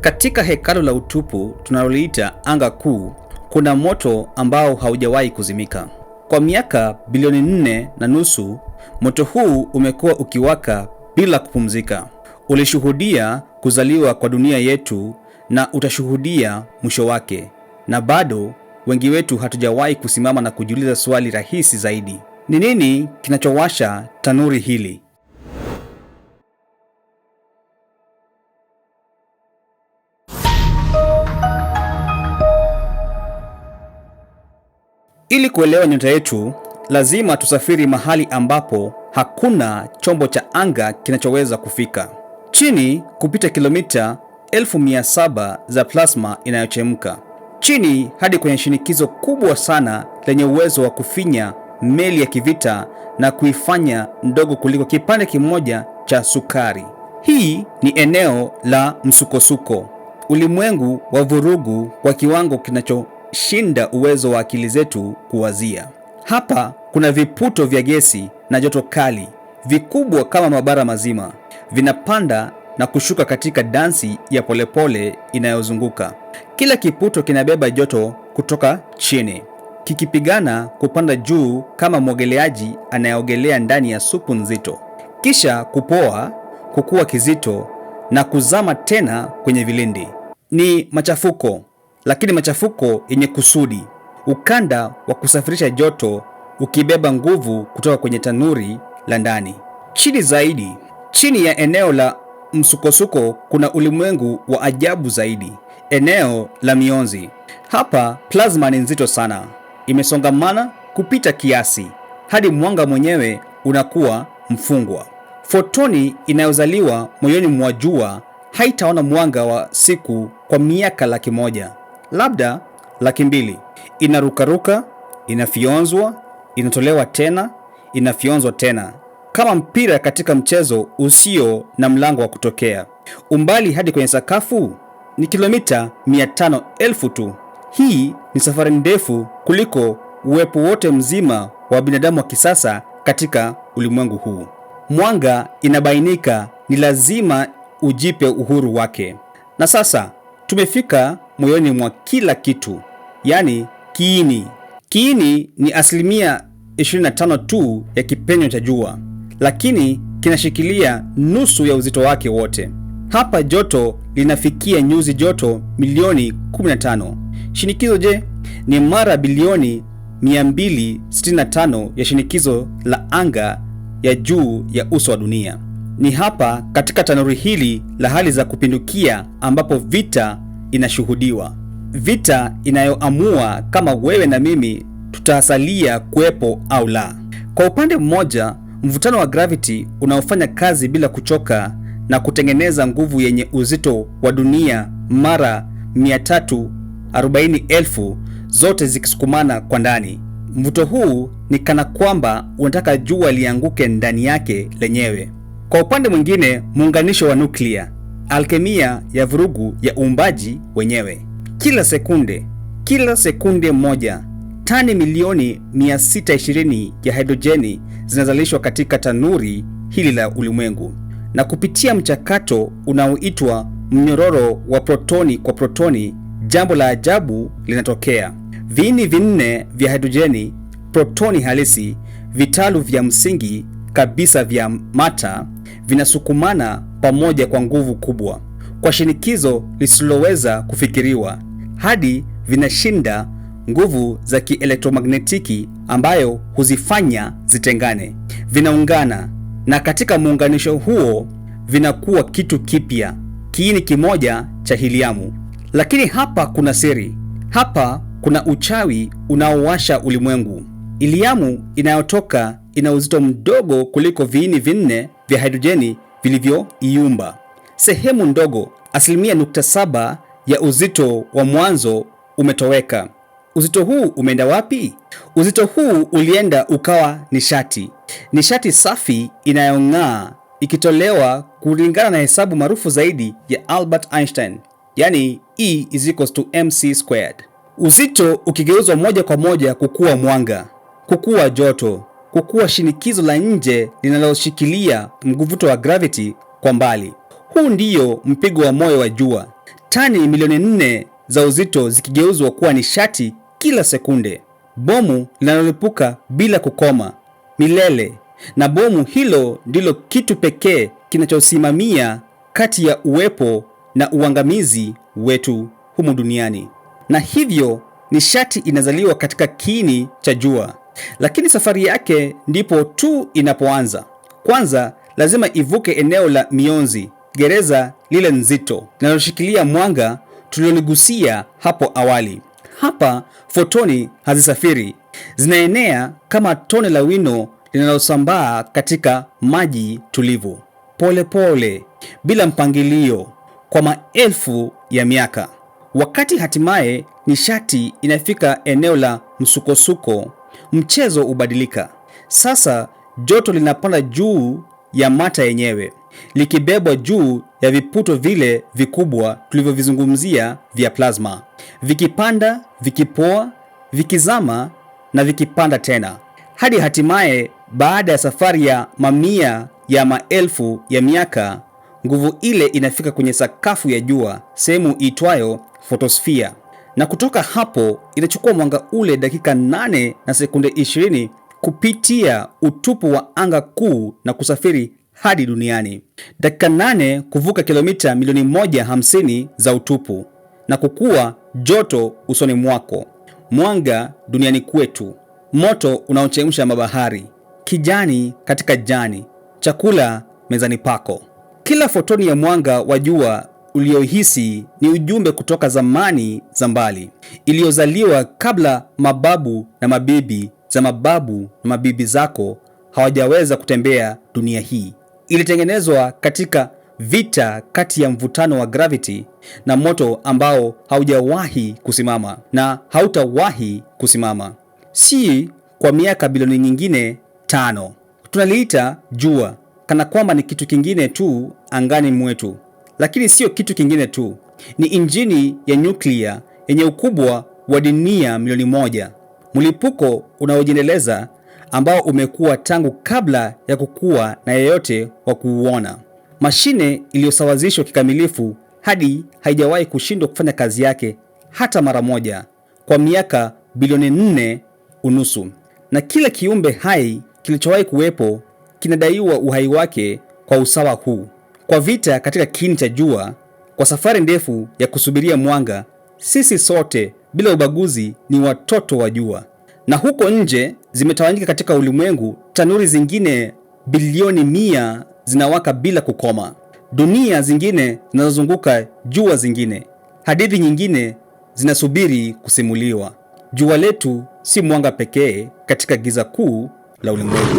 Katika hekalu la utupu tunaloliita anga kuu, kuna moto ambao haujawahi kuzimika. Kwa miaka bilioni nne na nusu, moto huu umekuwa ukiwaka bila kupumzika. Ulishuhudia kuzaliwa kwa dunia yetu na utashuhudia mwisho wake, na bado wengi wetu hatujawahi kusimama na kujiuliza swali rahisi zaidi: ni nini kinachowasha tanuri hili? Ili kuelewa nyota yetu, lazima tusafiri mahali ambapo hakuna chombo cha anga kinachoweza kufika chini kupita kilomita 1700 za plasma inayochemka chini hadi kwenye shinikizo kubwa sana lenye uwezo wa kufinya meli ya kivita na kuifanya ndogo kuliko kipande kimoja cha sukari. Hii ni eneo la msukosuko, ulimwengu wa vurugu kwa kiwango kinacho kushinda uwezo wa akili zetu kuwazia. Hapa kuna viputo vya gesi na joto kali vikubwa kama mabara mazima, vinapanda na kushuka katika dansi ya polepole inayozunguka. Kila kiputo kinabeba joto kutoka chini kikipigana kupanda juu kama mwogeleaji anayeogelea ndani ya supu nzito, kisha kupoa, kukua kizito na kuzama tena kwenye vilindi. Ni machafuko lakini machafuko yenye kusudi. Ukanda wa kusafirisha joto ukibeba nguvu kutoka kwenye tanuri la ndani. Chini zaidi, chini ya eneo la msukosuko kuna ulimwengu wa ajabu zaidi, eneo la mionzi. Hapa plasma ni nzito sana, imesongamana kupita kiasi hadi mwanga mwenyewe unakuwa mfungwa. Fotoni inayozaliwa moyoni mwa jua haitaona mwanga wa siku kwa miaka laki moja labda laki mbili, inarukaruka, inafyonzwa, inatolewa tena, inafyonzwa tena, kama mpira katika mchezo usio na mlango wa kutokea. Umbali hadi kwenye sakafu ni kilomita 500 elfu tu. Hii ni safari ndefu kuliko uwepo wote mzima wa binadamu wa kisasa katika ulimwengu huu. Mwanga inabainika, ni lazima ujipe uhuru wake. Na sasa tumefika moyoni mwa kila kitu, yani kiini. Kiini ni asilimia 25 tu ya kipenyo cha jua, lakini kinashikilia nusu ya uzito wake wote. Hapa joto linafikia nyuzi joto milioni 15. Shinikizo je? Ni mara bilioni 265 ya shinikizo la anga ya juu ya uso wa dunia. Ni hapa katika tanuri hili la hali za kupindukia ambapo vita inashuhudiwa, vita inayoamua kama wewe na mimi tutasalia kuwepo au la. Kwa upande mmoja, mvutano wa gravity unaofanya kazi bila kuchoka na kutengeneza nguvu yenye uzito wa dunia mara 340,000 zote zikisukumana kwa ndani. Mvuto huu ni kana kwamba unataka jua lianguke ndani yake lenyewe. Kwa upande mwingine, muunganisho wa nuklia alkemia ya vurugu ya uumbaji wenyewe. Kila sekunde, kila sekunde moja, tani milioni 620 ya hidrojeni zinazalishwa katika tanuri hili la ulimwengu, na kupitia mchakato unaoitwa mnyororo wa protoni kwa protoni, jambo la ajabu linatokea. Viini vinne vya hidrojeni, protoni halisi, vitalu vya msingi kabisa vya mata vinasukumana pamoja kwa nguvu kubwa, kwa shinikizo lisiloweza kufikiriwa, hadi vinashinda nguvu za kielektromagnetiki ambayo huzifanya zitengane. Vinaungana, na katika muunganisho huo vinakuwa kitu kipya, kiini kimoja cha hiliamu Lakini hapa kuna siri, hapa kuna uchawi unaowasha ulimwengu. hiliamu inayotoka ina uzito mdogo kuliko viini vinne vya hidrojeni vilivyoiumba. Sehemu ndogo, asilimia nukta saba ya uzito wa mwanzo umetoweka. Uzito huu umeenda wapi? Uzito huu ulienda ukawa nishati, nishati safi inayong'aa ikitolewa kulingana na hesabu maarufu zaidi ya Albert Einstein, yani E is equals to mc squared. Uzito ukigeuzwa moja kwa moja kukuwa mwanga, kukuwa joto, kwa kuwa shinikizo la nje linaloshikilia mguvuto wa gravity kwa mbali. Huu ndio mpigo wa moyo wa jua, tani milioni nne za uzito zikigeuzwa kuwa nishati kila sekunde, bomu linalolipuka bila kukoma milele. Na bomu hilo ndilo kitu pekee kinachosimamia kati ya uwepo na uangamizi wetu humu duniani, na hivyo nishati inazaliwa katika kiini cha jua. Lakini safari yake ndipo tu inapoanza. Kwanza lazima ivuke eneo la mionzi, gereza lile nzito linaloshikilia mwanga tulioligusia hapo awali. Hapa fotoni hazisafiri, zinaenea kama tone la wino linalosambaa katika maji tulivu, polepole pole, bila mpangilio, kwa maelfu ya miaka. Wakati hatimaye nishati inafika eneo la msukosuko mchezo hubadilika. Sasa joto linapanda juu ya mata yenyewe, likibebwa juu ya viputo vile vikubwa tulivyovizungumzia vya plasma, vikipanda, vikipoa, vikizama na vikipanda tena, hadi hatimaye, baada ya safari ya mamia ya maelfu ya miaka, nguvu ile inafika kwenye sakafu ya jua, sehemu iitwayo photosphere na kutoka hapo inachukua mwanga ule dakika 8 na sekunde 20 kupitia utupu wa anga kuu na kusafiri hadi duniani. Dakika 8 kuvuka kilomita milioni 150 za utupu na kukua joto usoni mwako, mwanga duniani kwetu, moto unaochemsha mabahari, kijani katika jani, chakula mezani pako. Kila fotoni ya mwanga wa jua uliohisi ni ujumbe kutoka zamani za mbali, iliyozaliwa kabla mababu na mabibi za mababu na mabibi zako hawajaweza kutembea dunia hii. Ilitengenezwa katika vita kati ya mvutano wa gravity na moto ambao haujawahi kusimama na hautawahi kusimama, si kwa miaka bilioni nyingine tano. Tunaliita jua kana kwamba ni kitu kingine tu angani mwetu lakini sio kitu kingine tu, ni injini ya nyuklia yenye ukubwa wa dinia milioni moja, mlipuko unaojiendeleza ambao umekuwa tangu kabla ya kukua na yeyote wa kuuona, mashine iliyosawazishwa kikamilifu hadi haijawahi kushindwa kufanya kazi yake hata mara moja kwa miaka bilioni nne unusu, na kila kiumbe hai kilichowahi kuwepo kinadaiwa uhai wake kwa usawa huu. Kwa vita katika kiini cha jua, kwa safari ndefu ya kusubiria mwanga, sisi sote bila ubaguzi ni watoto wa jua. Na huko nje zimetawanyika katika ulimwengu tanuri zingine bilioni mia zinawaka bila kukoma, dunia zingine zinazozunguka jua zingine, hadithi nyingine zinasubiri kusimuliwa. Jua letu si mwanga pekee katika giza kuu la ulimwengu.